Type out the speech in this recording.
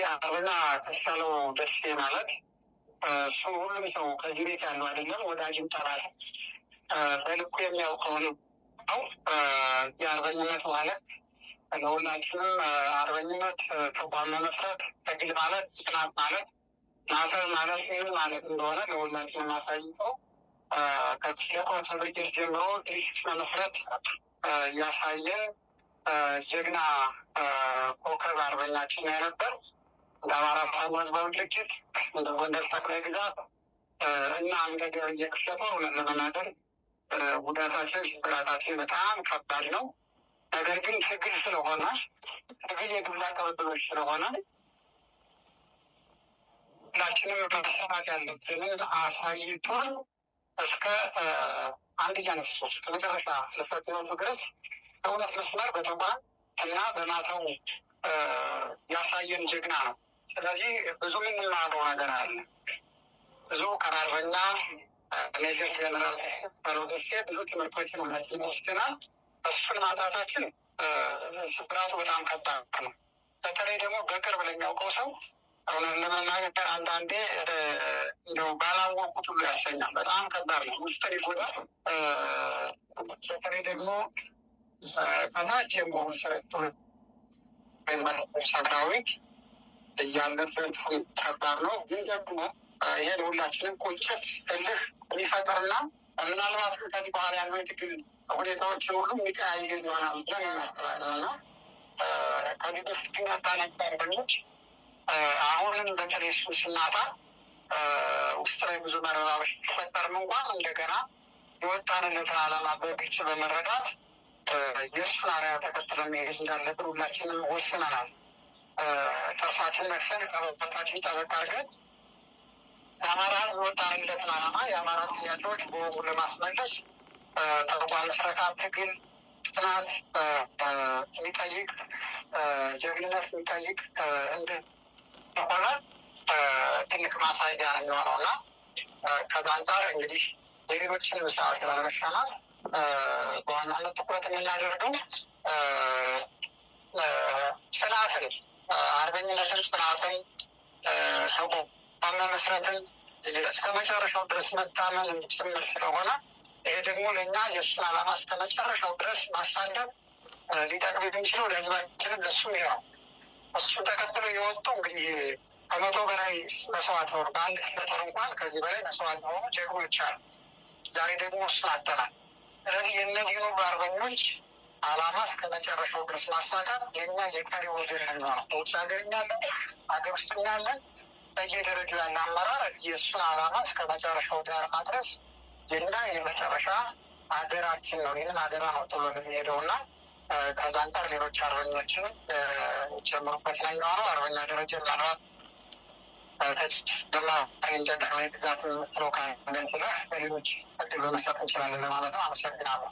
እንግዲህ አበና ተሻለው ደሴ ማለት እሱ ሁሉም ሰው ከዚህ ቤት ያለው አይደለም፣ ወዳጅም ጠላት በልኩ የሚያውቀው ነው። የአርበኝነት ማለት ለሁላችንም አርበኝነት ተቋም መመስረት በግል ማለት ጽናት ማለት ማሰብ ማለት ይህም ማለት እንደሆነ ለሁላችንም ማሳይቀው ከኮተ ብርጌድ ጀምሮ ድርጅት መመስረት ያሳየን ጀግና ኮከብ አርበኛችን ነበር። በአማራ አማራ ፋኖ ህዝባዊ ድርጅት እንደ ጎንደር ጠቅላይ ግዛት እና እንደ ደረጀ ክሰጠ እውነት ለመናገር ጉዳታችን ስብራታችን በጣም ከባድ ነው። ነገር ግን ትግል ስለሆነ ትግል የግብዛ ቅብብሎች ስለሆነ ሁላችንም መሰራት ያለብንን አሳይቶን እስከ አንድ እያነሱ እስከ መጨረሻ ልፈትኖቱ ድረስ እውነት መስመር በተቋም እና በማተው ያሳየን ጀግና ነው። ስለዚህ ብዙ የምናገው ነገር አለ። ብዙ ከአርበኛ ሜጀር ጀነራል መለወደሴ ብዙ ትምህርቶችን ሁላችን ወስደናል። እሱን ማጣታችን ስብራቱ በጣም ከባድ ነው። በተለይ ደግሞ በቅርብ ለሚያውቀው ሰው እውነት ለመናገር አንዳንዴ እንደው ባላወቁት ሁሉ ያሰኛል። በጣም ከባድ ነው። ውስጥ ሊጎዳ በተለይ ደግሞ ከታች የመሆን ሰራዊት ያለበት ከባድ ነው። ግን ደግሞ ይሄ ለሁላችንም ቁጭት እልህ የሚፈጥርና ምናልባት ከዚህ ባህር ያሉ የትግል ሁኔታዎችን ሁሉ የሚቀያየር ይሆናል ብለን እናስባለንና ከዚህ በፊት ግን ነባር አርበኞች አሁንም በተለይ እሱን ስናጣ ውስጥ ላይ ብዙ መረራሮች ቢፈጠርም እንኳን እንደገና የወጣንለትን ዓላማ በግልጽ በመረዳት የእሱን አርያ ተከትለን መሄድ እንዳለብን ሁላችንም ወስነናል። ጥርሳችን ነክሰን ጠበቃችን ጠበቃ አድርገን የአማራ ሕዝብ ወጣንለትን ዓላማ የአማራ ጥያቄዎች በወጉ ለማስመለስ ጠቋል ስረካ ትግል ጥናት የሚጠይቅ ጀግንነት የሚጠይቅ እንደሆነ ትልቅ ማሳያ ነው የሚሆነው ከዛ አንጻር እንግዲህ የሌሎችን ምሳዎች ላለመሻማል በዋናነት ትኩረት የምናደርገው ጽናትን አርበኝነትን፣ ጽናትን፣ ተቋም መመስረትን እስከ መጨረሻው ድረስ መታመን ጭምር ስለሆነ ይሄ ደግሞ ለእኛ የእሱን ዓላማ እስከ መጨረሻው ድረስ ማሳደብ ሊጠቅም የሚችለው ለህዝባችንም ለሱም ይኸው እሱ ተከትሎ የወጡ እንግዲህ ከመቶ በላይ መስዋዕት ሆኑ በአንድ ኪሎሜትር እንኳን ከዚህ በላይ መስዋዕት የሆኑ ጀግኖች አሉ። ዛሬ ደግሞ እሱን አጠናል። ስለዚህ የእነዚህኑ አርበኞች አላማ እስከ መጨረሻው ድረስ ማሳካት የእኛ የቀሪ ወገን ነው። በውጭ ሀገር እኛለን፣ አገር ውስጥ እኛለን። በየደረጃ ያለ አመራር የእሱን አላማ እስከ መጨረሻው ዳር ማድረስ የና የመጨረሻ አገራችን ነው። ይህንን አገራ ነው ጥሎ የሚሄደው እና ከዛ አንጻር ሌሎች አርበኞችን ጀምሩበት ላይ ነው። አርበኛ ደረጃ ምናልባት ግዛት የምትለው ሌሎች እድል በመስጠት እንችላለን ለማለት ነው። አመሰግናለሁ።